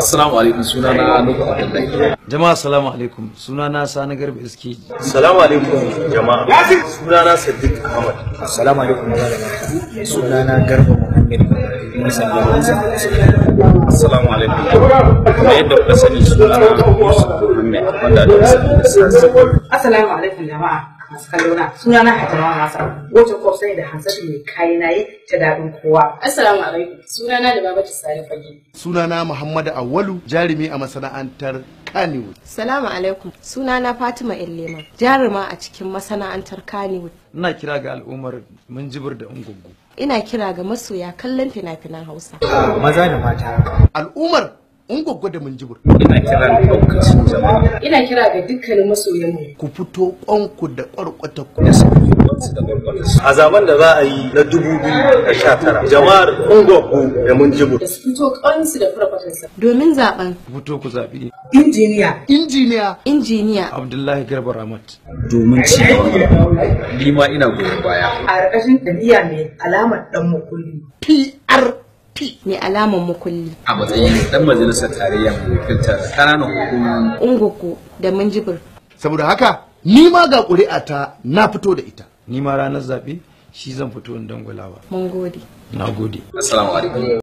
Assalamu alaikum suna na Nuhu Abdullahi. Jama'a assalamu alaikum suna na Sani Garba Iskeji. Assalamu alaikum jama'a suna na Sadiq Ahmad. Assalamu alaikum suna na Garba Muhammad. Assalamu alaikum. Kuma yadda kuka sani suna na Yusuf Muhammad wanda da Assalamu alaikum jama'a. masu kallona suna na hajjama masa wata kwafsa ne da hansatu mai kayi na yi ta daɗin kowa assalamu alaikum suna na da babata sani fage suna na muhammadu awwalu jarumi a masana'antar Kannywood. Salamu alaikum suna na Fatima Illema jaruma a cikin masana'antar Kannywood. Ina kira ga al'ummar Minjibir da Ungungu. Ina kira ga masoya kallon fina-finan Hausa. Maza da mata. Al'ummar ungwaggo da minjibir. Ina kira lokacin jama'a. Ina kira ga dukkanin masoyan mu. Ku fito kwanku da kwarkwata ku da sauri. A zaben da za a yi na dubu biyu da sha tara, jama'ar ungwaggo da mun Da su fito kwansu da farfatansa. Domin zaben. Ku fito ku zaɓi. Injiniya. Injiniya. Injiniya. Abdullahi Garba Ramat. Domin ci Ni ma ina goyon baya. A ƙarƙashin ɗabi'a mai alamar ɗan makulli. PR. p mai alamar mukulli a matsayin dan majalisar tarayya mai wakiltar kananan hukumomin unguku da minjibir saboda haka ni ma ga ƙuri'a ta na fito da ita ni ma ranar zaɓe shi zan fito in dangulawa mun gode na gode assalamu alaikum